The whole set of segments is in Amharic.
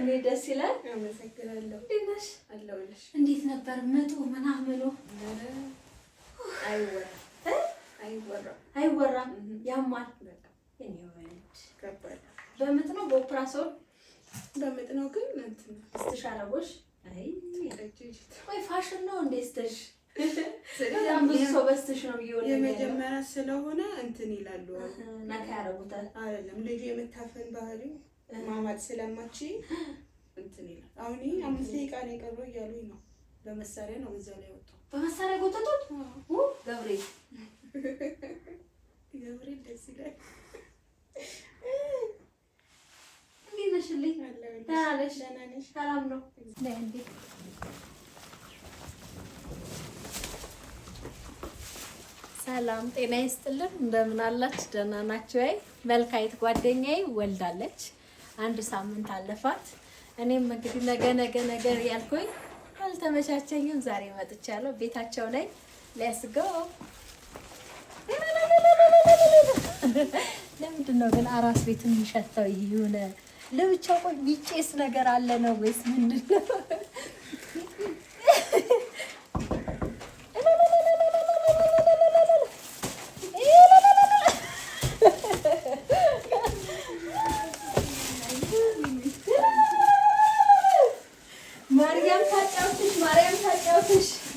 እኔ ደስ ይላል። አመሰግናለሁ። እንዴት ነበር ምጡ ምናምኑ? አይወራም፣ ያማል። በምጥ ነው በኦፕራሶን በምጥ ነው ግን ስትሻረቦሽ ወይ ፋሽን ነው እንዴ ስትሽ በጣም ብዙ ሰው በስትሽ ነው እየወለ የመጀመሪያ ስለሆነ እንትን ይላሉ፣ ነካ ያረጉታል። አይደለም ልጁ የመታፈን ባህሪ ማማት ስለማች እንትን ይላል። አሁን ይሄ አምስት ደቂቃ ነው የቀረው እያሉኝ ነው። በመሳሪያ ነው እዛ ላይ ወጣው። በመሳሪያ ጎተቱት። ገብሬ ገብሬ ደስ ይላል። እንዴት ነሽልኝ? ደህና ነሽ? ደህና ነሽ? ሰላም ነው እንዴ? ሰላም ጤና ይስጥልን። እንደምን አላችሁ? ደህና ናችሁ ወይ? መልካይት ጓደኛዬ ወልዳለች። አንድ ሳምንት አለፋት። እኔም እንግዲህ ነገ ነገ ነገ ያልኩኝ አልተመቻቸኝም። ዛሬ መጥቻለሁ ቤታቸው ላይ ሌትስ ጎ። ለምንድን ነው ግን አራስ ቤት የሚሸተው? ይሁን ለብቻው ቆይ ቢጬስ ነገር አለ ነው ወይስ ምንድን ነው?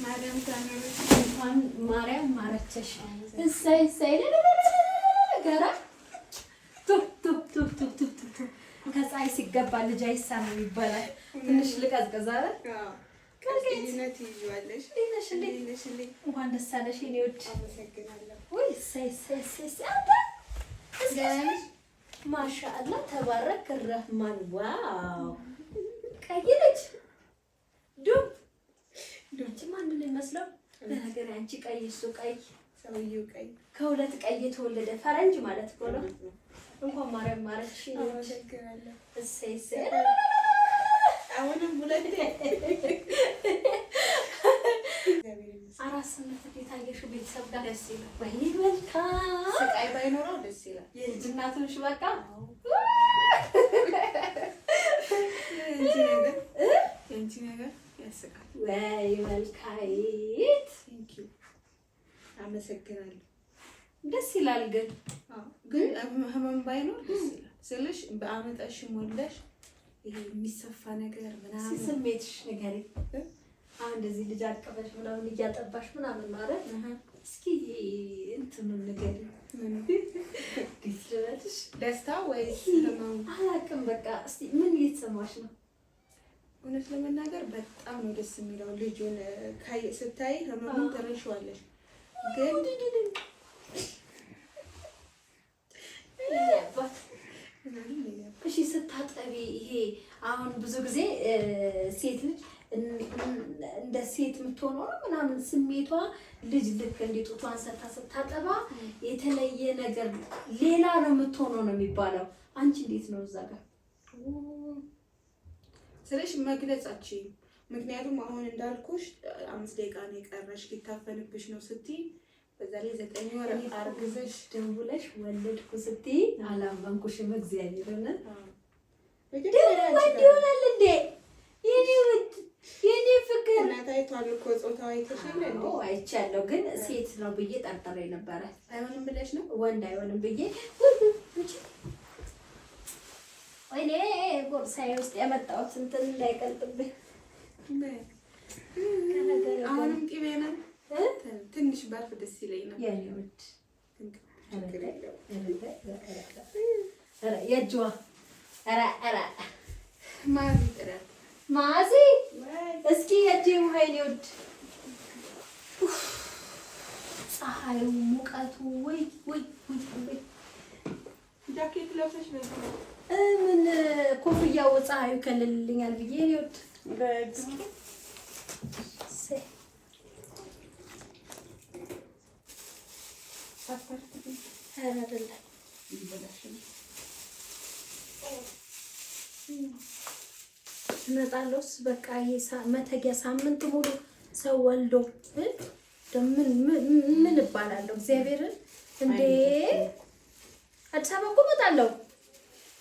ማረችሽ እንኳን ማርያም ማረችሽ። እሰይ እሰይ ገራ ከፀሐይ ሲገባ ልጅ አይሳምም ይባላል። ትንሽ ልቀዝቅዝ አይደል? እንኳን ደስ አለሽ የእኔ ውድ። ማሻአላህ ተባረክ ረህማን። ዋው ቀይ ልጅ ዱብ ልጆችም አንድ ላይ መስለው በነገር አንቺ ቀይ እሱ ቀይ ሰውዬው ቀይ ከሁለት ቀይ የተወለደ ፈረንጅ ማለት እኮ ነው። እንኳን ማርያም ማረች። እሰይ እሰይ። አሁንም ሁለት አራት ስምንት የታየሽ ቤተሰብ ጋር ደስ ይላል። ወይኔ መልካም ስቃይ ባይኖረው ደስ ይላል። የልጅ እናቶች በቃ እንጂ ነገር ወይ መልካይት አመሰግናለሁ። ደስ ይላል ግን ግን ህመም ባይኖር ደስ ይላል ስልሽ በአመጣሽም ወልደሽ የሚሰፋ ነገር ምናምን ስሜትሽ ንገሪኝ። አሁን እንደዚህ ልጅ አቀፈሽ ምናምን እያጠባሽ ምናምን ማለት እስኪ እንትኑን ንገሪኝ። ደስታ ወይ አላውቅም በቃ እስኪ ምን እየተሰማሽ ነው? እውነት ለመናገር በጣም ነው ደስ የሚለው። ልጁን ስታይ ህመሙን ትረሺዋለሽ፣ ግን እሺ ስታጠቢ ይሄ አሁን ብዙ ጊዜ ሴት ልጅ እንደ ሴት የምትሆነው ምናምን ስሜቷ ልጅ ልክ እንደ ሰታ ስታጠባ የተለየ ነገር ሌላ ነው የምትሆነው ነው የሚባለው። አንቺ እንዴት ነው እዛ ጋር ስለሽ መግለጽ አችይም። ምክንያቱም አሁን እንዳልኩሽ አምስት ደቂቃ ነው የቀረሽ ሊታፈንብሽ ነው ስቲ በዛ ላይ ዘጠኝ ወር አርግዘሽ ደንቡለሽ ወለድኩ ስቲ አላመንኩሽም። እግዚአብሔርን ወንድ ይሆናል እንዴ? የኔ ፍቅር እናታይቷል እኮ ጾታው አይተሻል እንዴ? አይቻለሁ፣ ግን ሴት ነው ብዬ ጠርጥሬ ነበረ። አይሆንም ብለሽ ነው ወንድ አይሆንም ብዬ እኔ ቦርሳዬ ውስጥ ያመጣሁት እንትን እንዳይቀልጥብኝ። አሁንም ቅቤ ነው ትንሽ ባርፍ ደስ ይለኝ ነው። ማዚ እስኪ የእጅ ውሀይን ይወድ ፀሐዩ ሙቀቱ ወይ ወይ ወይ ጃኬት ለብሰሽ ምን ኮፍያው ፀሐዩ ይከልልልኛል ብዬ ይወት እመጣለሁስ በቃ መተጊያ ሳምንት ሙሉ ሰው ወልዶ ምን እባላለሁ እግዚአብሔርን እንዴ አዲስ አበባ እኮ እመጣለሁ፣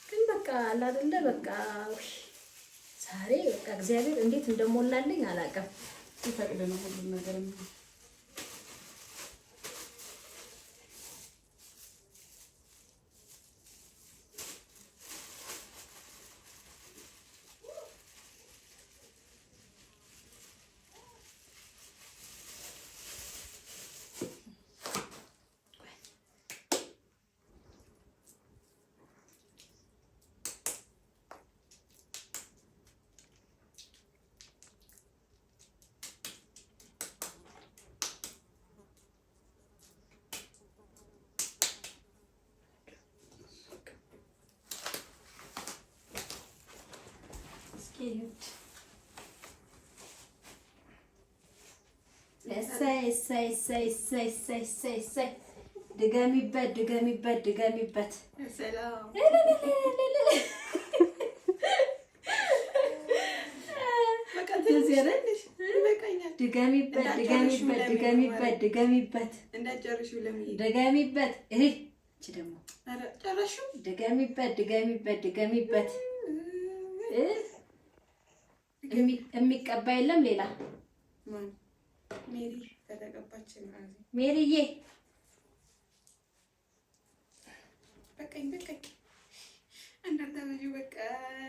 ግን በቃ አለ አይደለ በቃ ዛሬ በቃ እግዚአብሔር እንዴት እንደሞላልኝ አላውቅም። ይፈቅድ ነው ሁሉም ነገር እሰይ እሰይ እሰይ እሰይ እሰይ እሰይ እሰይ ድገሚበት ድገሚበት ድገሚበት። ድገሚበት ድገሚበት ድገሚበት ድገሚበት ድገሚበት። ይሄ ደግሞ ድገሚበት ድገሚበት ድገሚበት የሚቀባ የለም ሌላ ሜሪዬ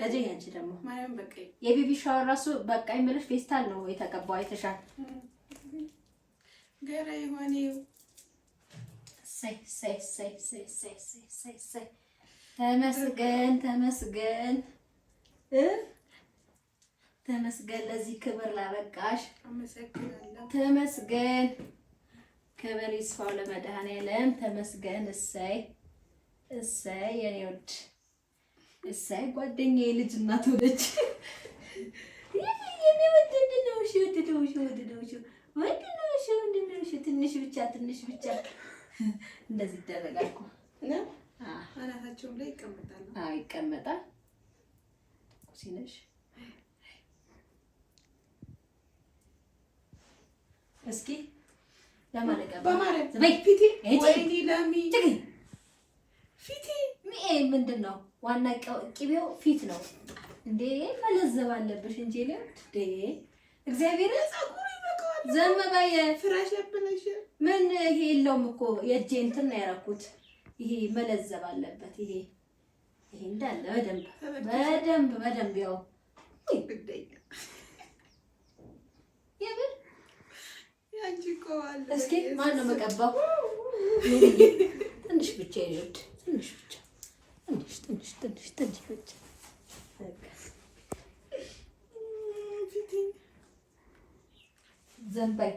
እዚህ አንቺ ደግሞ የቤቢ ሻወር ራሱ በቃ የምልሽ ፌስታል ነው የተቀባው። አይተሻል። ተመስገን ተመስገን ተመስገን ለዚህ ክብር ላበቃሽ ተመስገን። ክብር ይስፋው ለመድኃኔዓለም ተመስገን። እሰይ እሰይ የኔ ውድ እሰይ ጓደኛዬ ልጅ እናት ወለች። የኔ ውድ ነው እሺ፣ ውድ ነው እሺ፣ ውድ ነው እሺ፣ ውድ ነው እሺ፣ ውድ ነው እሺ። ትንሽ ብቻ ትንሽ ብቻ እንደዚህ ይደረጋል እኮ አናታቸውም ላይ ይቀመጣል። አዎ ይቀመጣል። ኩሲነሽ እስኪ ፊቴ ምንድን ነው? ዋና ቅቤው ፊት ነው እንዴ? መለዘብ አለብሽ እንጂ እግዚአብሔር ምን ይሄ የለውም እኮ የእጄ እንትን ነው ያደረኩት። ይሄ መለዘብ አለበት። ይሄ ይሄ እንዳለ በደንብ በደንብ በደንብ ያው እስኪ ማን ነው መቀባው? ትንሽ ብቻ ይወድ ትንሽ ብቻ ትንሽ ትንሽ ትንሽ ትንሽ ብቻ ዘንባይ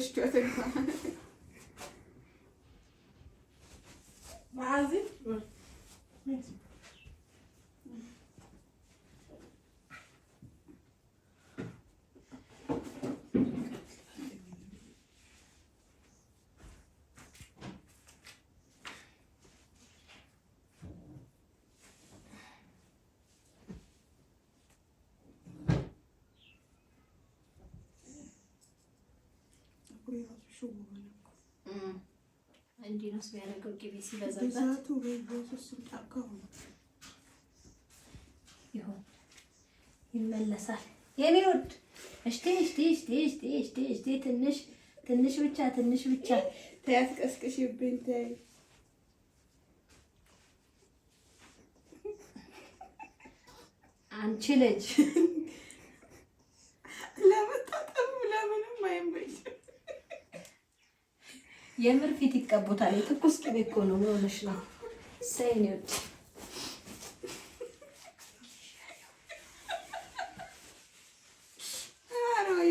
що тебе. የራሱ ሽው ይመለሳል። የኔ ውድ እሽቴ እሽቴ እሽቴ እሽቴ እሽቴ እሽቴ ትንሽ ትንሽ ብቻ ትንሽ ብቻ ተይ፣ አትቀስቅሽብኝ ተይ። አንቺ ልጅ ለመጣጠሙ ለምንም አይመችም። የምር ፊት ይቀቡታል። የትኩስ ቅቤ እኮ ነው ሆነሽ ነው ሰይኒዎች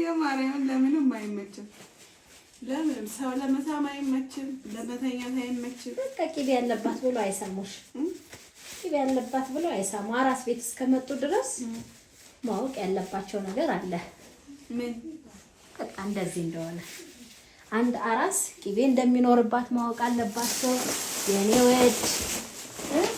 የማርያምን ለምንም አይመችም። ለምንም ሰው ለመሳም አይመችም፣ ለመተኛት አይመችም። በቃ ቅቤ ያለባት ብሎ አይሰሙሽ። ቅቤ ያለባት ብሎ አይሰሙ። አራስ ቤት እስከመጡ ድረስ ማወቅ ያለባቸው ነገር አለ። ምን በቃ እንደዚህ እንደሆነ አንድ አራስ ቂቤ እንደሚኖርባት ማወቅ አለባቸው የኔ ወድ